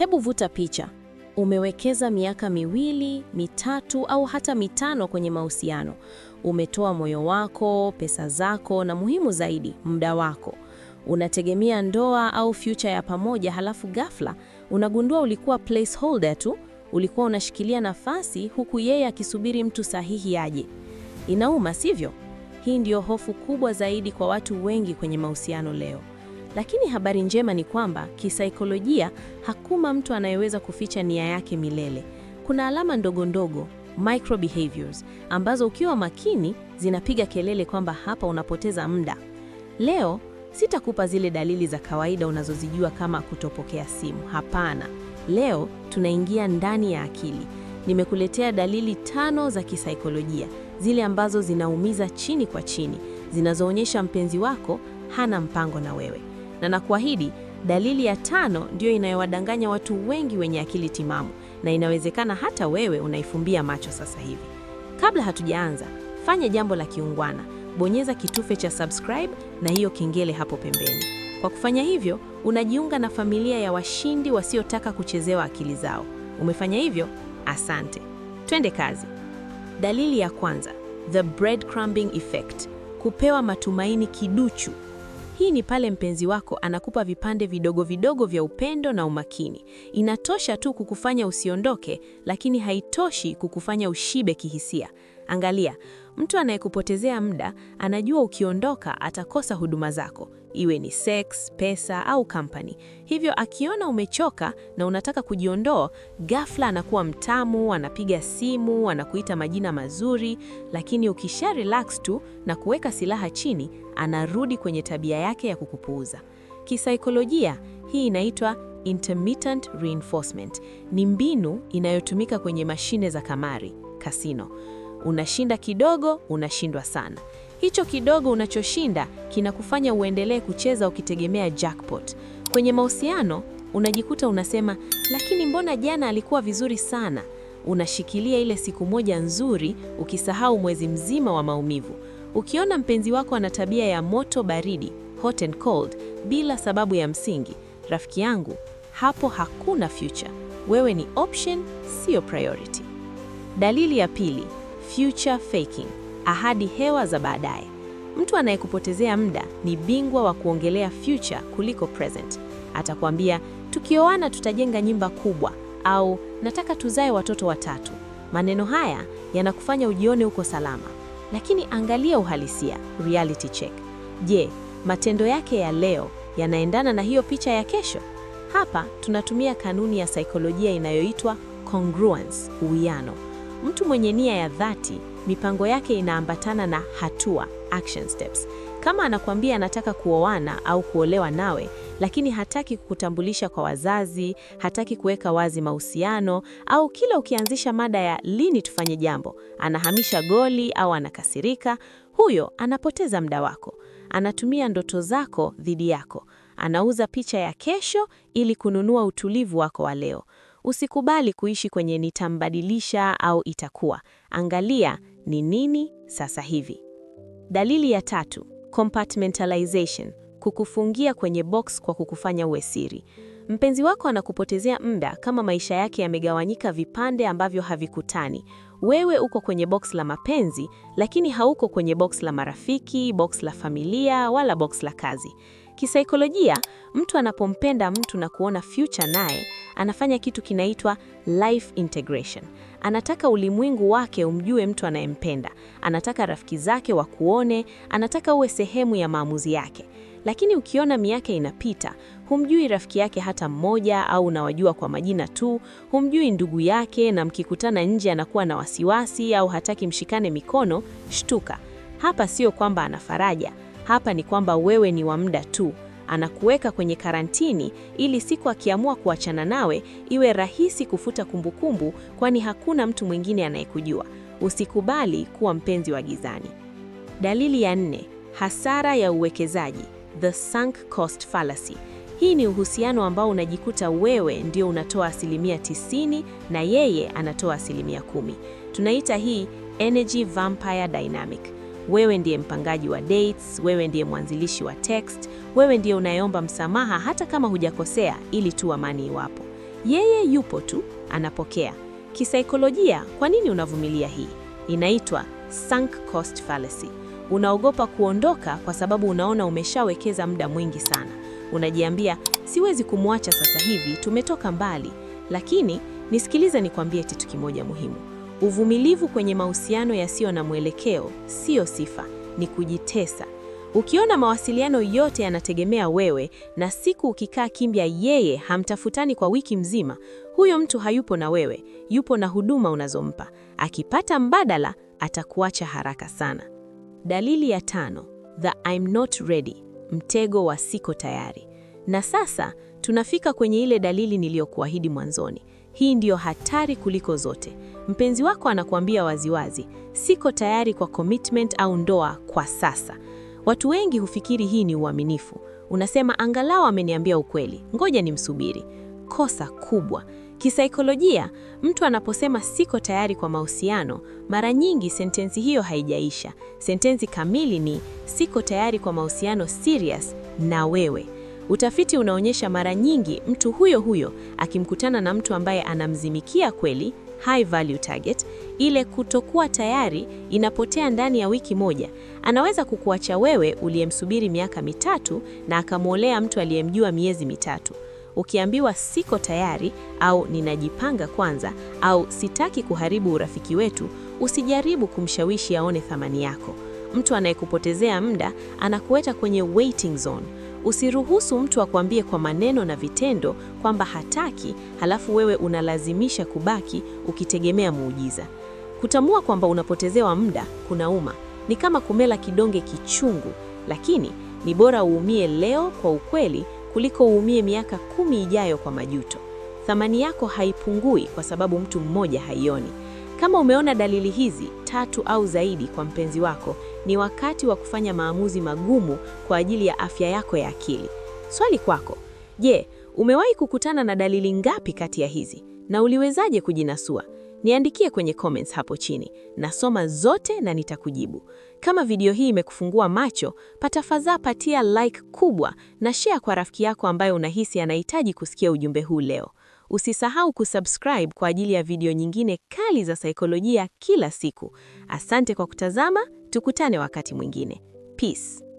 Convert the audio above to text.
Hebu vuta picha. Umewekeza miaka miwili, mitatu au hata mitano kwenye mahusiano. Umetoa moyo wako, pesa zako na muhimu zaidi, muda wako. Unategemea ndoa au future ya pamoja, halafu ghafla unagundua ulikuwa placeholder tu. Ulikuwa unashikilia nafasi huku yeye akisubiri mtu sahihi aje. Inauma, sivyo? Hii ndiyo hofu kubwa zaidi kwa watu wengi kwenye mahusiano leo. Lakini habari njema ni kwamba kisaikolojia, hakuna mtu anayeweza kuficha nia yake milele. Kuna alama ndogo ndogo, micro behaviors, ambazo ukiwa makini zinapiga kelele kwamba hapa unapoteza muda. Leo sitakupa zile dalili za kawaida unazozijua kama kutopokea simu. Hapana, leo tunaingia ndani ya akili. Nimekuletea dalili tano za kisaikolojia, zile ambazo zinaumiza chini kwa chini, zinazoonyesha mpenzi wako hana mpango na wewe na nakuahidi, dalili ya tano ndiyo inayowadanganya watu wengi wenye akili timamu, na inawezekana hata wewe unaifumbia macho sasa hivi. Kabla hatujaanza, fanya jambo la kiungwana, bonyeza kitufe cha subscribe na hiyo kengele hapo pembeni. Kwa kufanya hivyo, unajiunga na familia ya washindi wasiotaka kuchezewa akili zao. Umefanya hivyo, asante. Twende kazi. Dalili ya kwanza, the breadcrumbing effect, kupewa matumaini kiduchu. Hii ni pale mpenzi wako anakupa vipande vidogo vidogo vya upendo na umakini. Inatosha tu kukufanya usiondoke, lakini haitoshi kukufanya ushibe kihisia. Angalia, Mtu anayekupotezea muda anajua ukiondoka atakosa huduma zako, iwe ni sex, pesa au kampani. Hivyo akiona umechoka na unataka kujiondoa, ghafla anakuwa mtamu, anapiga simu, anakuita majina mazuri, lakini ukisha relax tu na kuweka silaha chini, anarudi kwenye tabia yake ya kukupuuza. Kisaikolojia, hii inaitwa intermittent reinforcement. Ni mbinu inayotumika kwenye mashine za kamari, kasino. Unashinda kidogo, unashindwa sana. Hicho kidogo unachoshinda kinakufanya uendelee kucheza ukitegemea jackpot. Kwenye mahusiano unajikuta unasema, lakini mbona jana alikuwa vizuri sana? Unashikilia ile siku moja nzuri, ukisahau mwezi mzima wa maumivu. Ukiona mpenzi wako ana tabia ya moto baridi, hot and cold, bila sababu ya msingi, rafiki yangu, hapo hakuna future. Wewe ni option, sio priority. Dalili ya pili: future faking, ahadi hewa za baadaye. Mtu anayekupotezea muda ni bingwa wa kuongelea future kuliko present. Atakwambia tukioana tutajenga nyumba kubwa, au nataka tuzae watoto watatu. Maneno haya yanakufanya ujione uko salama, lakini angalia uhalisia, reality check. Je, matendo yake ya leo yanaendana na hiyo picha ya kesho? Hapa tunatumia kanuni ya saikolojia inayoitwa congruence, uwiano. Mtu mwenye nia ya dhati, mipango yake inaambatana na hatua, action steps. Kama anakuambia anataka kuoana au kuolewa nawe, lakini hataki kukutambulisha kwa wazazi, hataki kuweka wazi mahusiano, au kila ukianzisha mada ya lini tufanye jambo, anahamisha goli au anakasirika, huyo anapoteza muda wako. Anatumia ndoto zako dhidi yako. Anauza picha ya kesho ili kununua utulivu wako wa leo. Usikubali kuishi kwenye nitambadilisha au itakuwa. Angalia ni nini sasa hivi. Dalili ya tatu, compartmentalization, kukufungia kwenye box kwa kukufanya uwe siri. Mpenzi wako anakupotezea muda kama maisha yake yamegawanyika vipande ambavyo havikutani. Wewe uko kwenye box la mapenzi, lakini hauko kwenye box la marafiki, box la familia wala box la kazi. Kisaikolojia, mtu anapompenda mtu na kuona future naye anafanya kitu kinaitwa life integration. Anataka ulimwengu wake umjue mtu anayempenda, anataka rafiki zake wakuone, anataka uwe sehemu ya maamuzi yake. Lakini ukiona miaka inapita, humjui rafiki yake hata mmoja, au unawajua kwa majina tu, humjui ndugu yake, na mkikutana nje anakuwa na wasiwasi au hataki mshikane mikono, shtuka. Hapa sio kwamba ana faraja, hapa ni kwamba wewe ni wa muda tu anakuweka kwenye karantini ili siku akiamua kuachana nawe iwe rahisi kufuta kumbukumbu, kwani hakuna mtu mwingine anayekujua. Usikubali kuwa mpenzi wa gizani. Dalili ya nne, hasara ya uwekezaji, the sunk cost fallacy. Hii ni uhusiano ambao unajikuta wewe ndio unatoa asilimia tisini na yeye anatoa asilimia kumi. Tunaita hii energy vampire dynamic. Wewe ndiye mpangaji wa dates, wewe ndiye mwanzilishi wa text, wewe ndiye unayeomba msamaha hata kama hujakosea, ili tu amani iwapo. Yeye yupo tu, anapokea. Kisaikolojia, kwa nini unavumilia? Hii inaitwa sunk cost fallacy. Unaogopa kuondoka kwa sababu unaona umeshawekeza muda mwingi sana. Unajiambia, siwezi kumwacha sasa hivi, tumetoka mbali. Lakini nisikilize, nikwambie kitu kimoja muhimu. Uvumilivu kwenye mahusiano yasiyo na mwelekeo siyo sifa, ni kujitesa. Ukiona mawasiliano yote yanategemea wewe na siku ukikaa kimya, yeye hamtafutani kwa wiki mzima, huyo mtu hayupo na wewe, yupo na huduma unazompa. Akipata mbadala, atakuacha haraka sana. Dalili ya tano, the I'm not ready, mtego wa siko tayari. Na sasa tunafika kwenye ile dalili niliyokuahidi mwanzoni. Hii ndiyo hatari kuliko zote. Mpenzi wako anakuambia waziwazi, siko tayari kwa commitment au ndoa kwa sasa. Watu wengi hufikiri hii ni uaminifu. Unasema angalau ameniambia ukweli, ngoja nimsubiri. Kosa kubwa. Kisaikolojia, mtu anaposema siko tayari kwa mahusiano, mara nyingi sentensi hiyo haijaisha. Sentensi kamili ni siko tayari kwa mahusiano serious na wewe. Utafiti unaonyesha mara nyingi mtu huyo huyo akimkutana na mtu ambaye anamzimikia kweli, high value target, ile kutokuwa tayari inapotea ndani ya wiki moja. Anaweza kukuacha wewe uliyemsubiri miaka mitatu na akamwolea mtu aliyemjua miezi mitatu. Ukiambiwa siko tayari au ninajipanga kwanza au sitaki kuharibu urafiki wetu, usijaribu kumshawishi aone thamani yako. Mtu anayekupotezea muda anakuweta kwenye waiting zone. Usiruhusu mtu akwambie kwa maneno na vitendo kwamba hataki, halafu wewe unalazimisha kubaki ukitegemea muujiza. kutamua kwamba unapotezewa muda kunauma, ni kama kumela kidonge kichungu, lakini ni bora uumie leo kwa ukweli kuliko uumie miaka kumi ijayo kwa majuto. Thamani yako haipungui kwa sababu mtu mmoja haioni. Kama umeona dalili hizi tatu au zaidi kwa mpenzi wako, ni wakati wa kufanya maamuzi magumu kwa ajili ya afya yako ya akili. Swali kwako, je, umewahi kukutana na dalili ngapi kati ya hizi na uliwezaje kujinasua? Niandikie kwenye comments hapo chini, nasoma zote na nitakujibu. Kama video hii imekufungua macho, patafadhaa patia like kubwa na share kwa rafiki yako ambaye unahisi anahitaji kusikia ujumbe huu leo. Usisahau kusubscribe kwa ajili ya video nyingine kali za saikolojia kila siku. Asante kwa kutazama. Tukutane wakati mwingine. Peace.